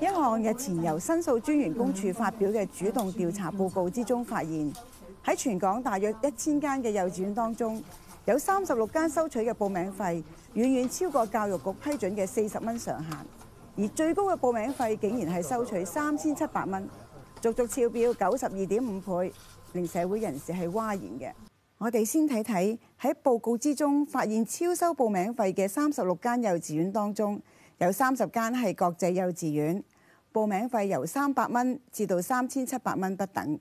一項日前由申訴專員公署發表嘅主動調查報告之中，發現喺全港大約一千間嘅幼稚園當中，有三十六間收取嘅報名費遠遠超過教育局批准嘅四十蚊上限，而最高嘅報名費竟然係收取三千七百蚊，足足超標九十二點五倍，令社會人士係嘩然嘅。我哋先睇睇喺報告之中發現超收報名費嘅三十六間幼稚園當中，有三十間係國際幼稚園，報名費由三百蚊至到三千七百蚊不等；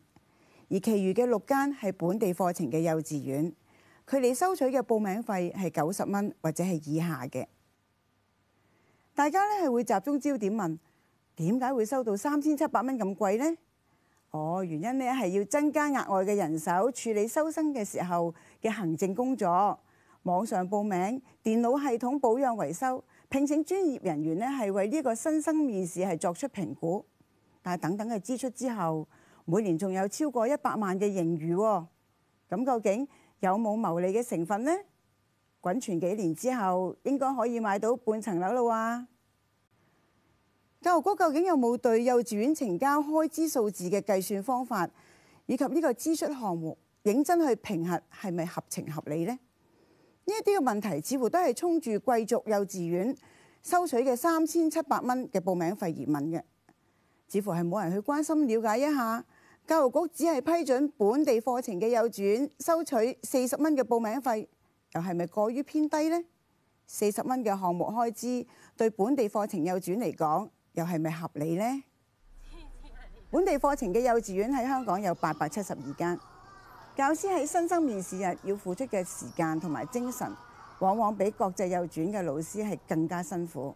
而其餘嘅六間係本地課程嘅幼稚園，佢哋收取嘅報名費係九十蚊或者係以下嘅。大家呢係會集中焦點問點解會收到三千七百蚊咁貴呢？哦，原因咧係要增加額外嘅人手處理收生嘅時候嘅行政工作、網上報名、電腦系統保養維修、聘請專業人員咧係為呢個新生面試係作出評估，但係等等嘅支出之後，每年仲有超過一百萬嘅盈餘，咁究竟有冇牟利嘅成分咧？滾存幾年之後應該可以買到半層樓咯啊。教育局究竟有冇對幼稚園呈交開支數字嘅計算方法，以及呢個支出項目認真去評核，係咪合情合理呢？呢一啲嘅問題似乎都係衝住貴族幼稚園收取嘅三千七百蚊嘅報名費而問嘅，似乎係冇人去關心了解一下。教育局只係批准本地課程嘅幼稚園收取四十蚊嘅報名費，又係咪過於偏低呢？四十蚊嘅項目開支對本地課程幼稚園嚟講，又係咪合理呢？本地課程嘅幼稚園喺香港有八百七十二間，教師喺新生面試日要付出嘅時間同埋精神，往往比國際幼稚園嘅老師係更加辛苦。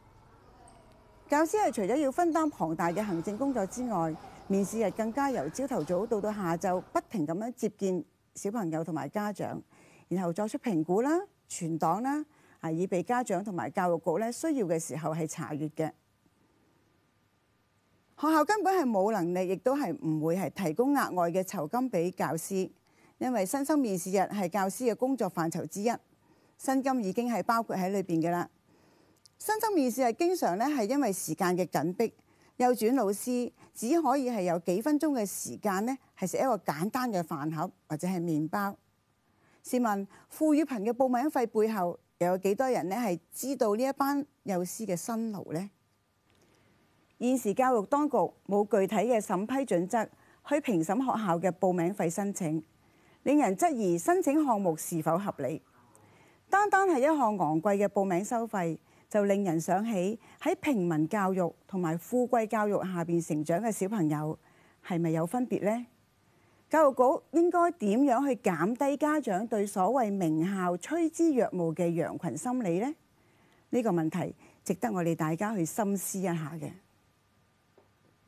教師係除咗要分擔龐大嘅行政工作之外，面試日更加由朝頭早到到下晝，不停咁樣接見小朋友同埋家長，然後作出評估啦、存檔啦，啊，以備家長同埋教育局咧需要嘅時候係查閱嘅。學校根本係冇能力，亦都係唔會係提供額外嘅酬金俾教師，因為新生面試日係教師嘅工作範疇之一，薪金已經係包括喺裏邊嘅啦。新生面試日經常咧係因為時間嘅緊迫，幼轉老師只可以係有幾分鐘嘅時間呢係食一個簡單嘅飯盒或者係麵包。試問富裕貧嘅報名費背後又有幾多人呢係知道呢一班幼師嘅辛勞呢？現時教育當局冇具體嘅審批準則去評審學校嘅報名費申請，令人質疑申請項目是否合理。單單係一項昂貴嘅報名收費，就令人想起喺平民教育同埋富貴教育下面成長嘅小朋友係咪有分別呢？教育局應該點樣去減低家長對所謂名校趨之若鶩嘅羊群心理呢？呢個問題值得我哋大家去深思一下嘅。